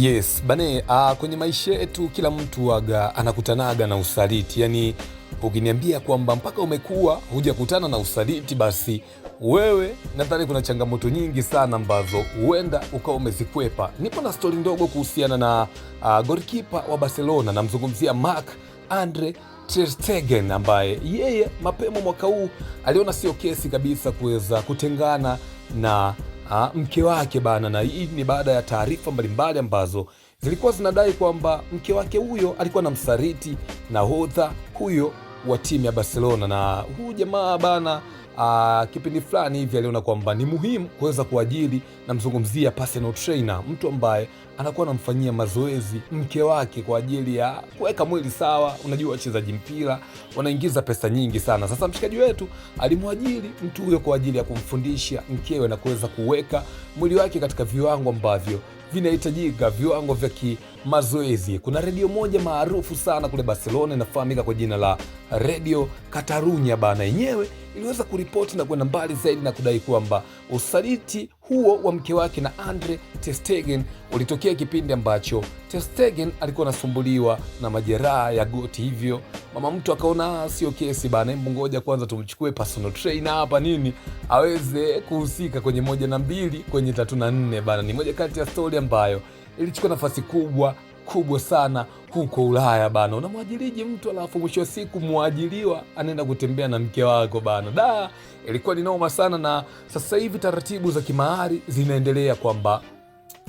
Yes bane, a, ah, kwenye maisha yetu kila mtu aga anakutanaga na usaliti. Yani ukiniambia kwamba mpaka umekuwa hujakutana na usaliti, basi wewe nadhani kuna changamoto nyingi sana ambazo huenda ukawa umezikwepa. Nipo na stori ndogo kuhusiana na uh, ah, golikipa wa Barcelona, namzungumzia Marc Andre Ter Stegen ambaye yeye mapema mwaka huu aliona sio kesi kabisa kuweza kutengana na a, ah, mke wake bana, na hii ni baada ya taarifa mbalimbali ambazo zilikuwa zinadai kwamba mke wake huyo alikuwa na msariti na hodha huyo wa timu ya Barcelona, na huu jamaa bana Uh, kipindi fulani hivi aliona kwamba ni muhimu kuweza kuajiri, namzungumzia personal trainer, mtu ambaye anakuwa anamfanyia mazoezi mke wake kwa ajili ya kuweka mwili sawa. Unajua wachezaji mpira wanaingiza pesa nyingi sana. Sasa mshikaji wetu alimwajiri mtu huyo kwa ajili ya kumfundisha mkewe na kuweza kuweka mwili wake katika viwango ambavyo vinahitajika viwango vya kimazoezi. Kuna redio moja maarufu sana kule Barcelona inafahamika kwa jina la Redio Katarunya bana, yenyewe iliweza kuripoti na kwenda mbali zaidi na kudai kwamba usaliti huo wa mke wake na Andre Testegen ulitokea kipindi ambacho Testegen alikuwa anasumbuliwa na majeraha ya goti, hivyo mama mtu akaona ah, sio kesi bana, hebu ngoja kwanza tumchukue personal trainer hapa nini aweze kuhusika kwenye moja na mbili kwenye tatu na nne bana. Ni moja kati ya stori ambayo ilichukua nafasi kubwa kubwa sana huko Ulaya bana. Unamwajiriji mtu alafu mwisho wa siku mwajiriwa anaenda kutembea na mke wako bana, da, ilikuwa ni noma sana. Na sasa hivi taratibu za kimahari zinaendelea kwamba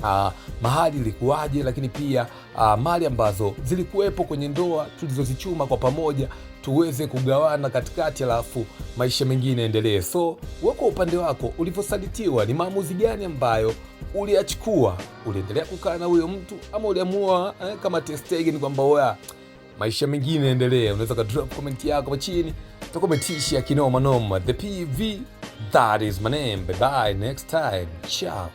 uh, mahali ilikuwaje, lakini pia uh, mali ambazo zilikuwepo kwenye ndoa tulizozichuma kwa pamoja tuweze kugawana katikati, alafu maisha mengine endelee. So we kwa upande wako ulivyosalitiwa, ni maamuzi gani ambayo uliachukua? Uliendelea kukaa na huyo mtu ama uliamua eh, kama Testegen kwamba oya, maisha mengine endelee? Unaweza ka drop comment yako chini, takometisha kinoma noma. The PV, that is my name. Bye bye, next time, ciao.